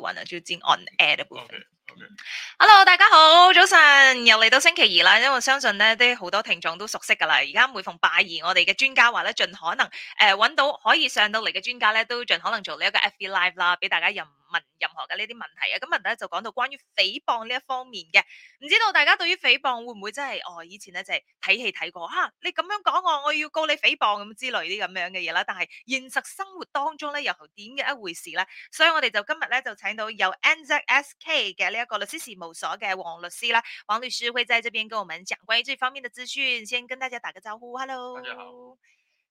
要要接 on air 嘅。Okay, okay. Hello，大家好，早晨又嚟到星期二啦。因為我相信咧，啲好多聽眾都熟悉噶啦。而家每逢拜二，我哋嘅專家話咧，盡可能誒揾、呃、到可以上到嚟嘅專家咧，都盡可能做呢一個 FB Live 啦，俾大家任。問任何嘅呢啲問題啊，咁今日咧就講到關於誹謗呢一方面嘅，唔知道大家對於誹謗會唔會真係哦以前咧就係睇戲睇過，吓、啊、你咁樣講我，我要告你誹謗咁之類啲咁樣嘅嘢啦，但係現實生活當中咧又點嘅一回事咧，所以我哋就今日咧就請到由 NZSK 嘅呢個律師事務所嘅黃律師啦，黃律師會在這邊跟我們講關於呢方面嘅資訊，先跟大家打個招呼，Hello，大家好。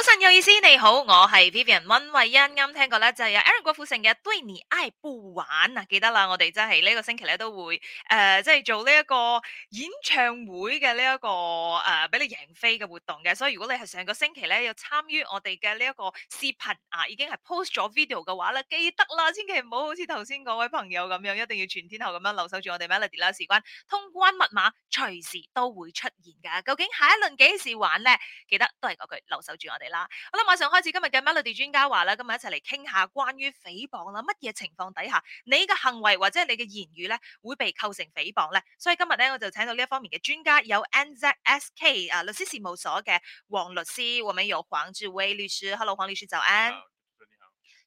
早晨有意思，你好，我係 Vivian 溫慧欣，啱聽過咧就係有 Aaron 郭富城嘅《對你愛不完》啊，記得啦，我哋真係呢個星期咧都會誒，即、呃、係、就是、做呢一個演唱會嘅呢一個誒，俾、呃、你贏飛嘅活動嘅，所以如果你係上個星期咧有參與我哋嘅呢一個視頻啊，已經係 post 咗 video 嘅話咧，記得啦，千祈唔好好似頭先嗰位朋友咁樣，一定要全天候咁樣留守住我哋 melody 啦，事關通關密碼隨時都會出現噶，究竟下一輪幾時玩咧？記得都係嗰句留守住我哋。啦，好啦，馬上開始今日嘅 Melody 專家話啦，今日一齊嚟傾下關於誹謗啦，乜嘢情況底下你嘅行為或者你嘅言語咧會被構成誹謗咧？所以今日咧我就請到呢一方面嘅專家，有 NZSK 啊律師事務所嘅黃律師，後面有黃志威律師，Hello，黃律師早安。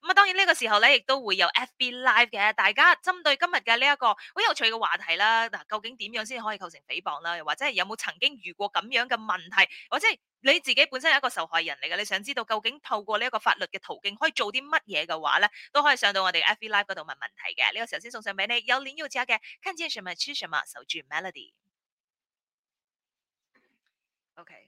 咁啊，當然呢個時候咧，亦都會有 FB Live 嘅。大家針對今日嘅呢一個好有趣嘅話題啦，嗱，究竟點樣先可以構成誹謗啦？又或者係有冇曾經遇過咁樣嘅問題，或者係你自己本身係一個受害人嚟嘅？你想知道究竟透過呢一個法律嘅途徑可以做啲乜嘢嘅話咧，都可以上到我哋嘅 FB Live 度問問題嘅。呢個時候先送上俾你有臉要遮嘅，看見什麼吃什麼，守住 Melody。Okay.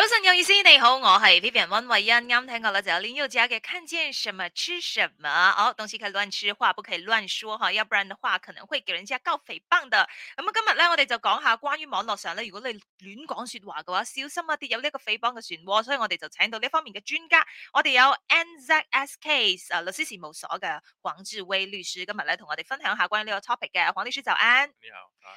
早晨，有意思，你好，我係 Vivian 溫慧欣，啱聽過啦就有拎住隻嘅看見什麼吃什麼，哦，東西可以亂吃，話不可以亂說哈，要不然嘅話可能會叫人家告誹謗的。咁啊今日咧我哋就講下關於網絡上咧，如果你亂講說話嘅話，小心一、啊、啲有呢個誹謗嘅漩渦。所以我哋就請到呢方面嘅專家，我哋有 NZS k a、啊、s 律師事務所嘅黃志威律師，今日咧同我哋分享下關於呢個 topic 嘅，黃律師早安，你好。啊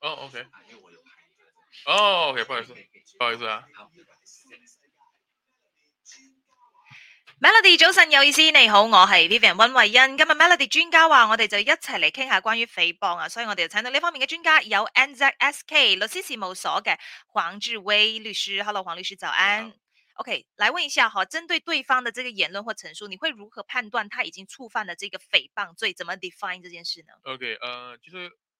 哦、oh,，OK，哦、oh,，OK，不好意思，不好意思啊。Melody 早晨，有意思，你好，我係 Vivian 温慧欣。今日 Melody 專家話，我哋就一齊嚟傾下關於誹謗啊，所以我哋就請到呢方面嘅專家，有 NZSK 律師事務所 Hello .嘅黃志威律師。Hello，黃律師早安。OK，來問一下哈，針對對方嘅這個言論或陳述，你會如何判斷他已經觸犯了這個誹謗罪？怎麼 define 這件事呢？OK，誒，就是。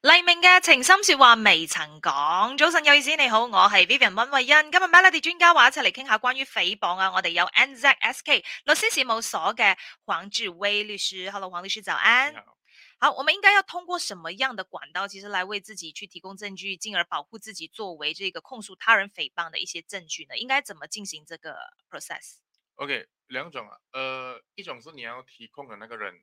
黎明嘅情深說話未曾講。早晨有意思，你好，我係 Vivian 溫慧欣。今日 Melody 專家話一齊嚟傾下關於誹謗啊！我哋有 NZSK 律師事務所嘅黃志威律師。Hello，黃律師早安。好，好，我們應該要通過什麼樣的管道，其實來為自己去提供證據，進而保護自己作為這個控訴他人誹謗嘅一些證據呢？應該怎麼進行這個 process？OK，、okay, 兩種啊，誒、呃，一種是你要提供的那個人。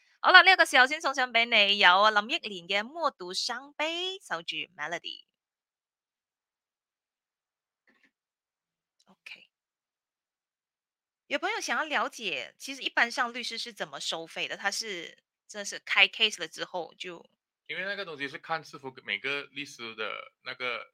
好啦，呢、這、一個時候先送上俾你，有啊林憶蓮嘅《默讀傷悲》，守住 Melody。OK，有朋友想要了解，其實一般上律師是怎麼收費的？他是真係是開 case 了之後就？因為那個東西是看是否每個律師的那個。